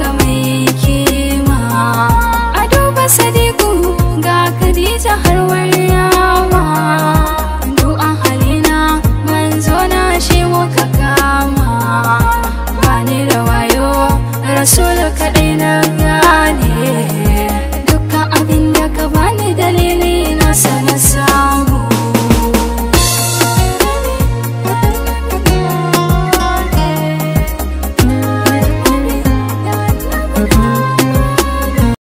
ga mai kima a duba sadiku ga kadija har waryawa du'an halina manzo na shewo ka kama ba ni da wayo rasul kaɗai na gane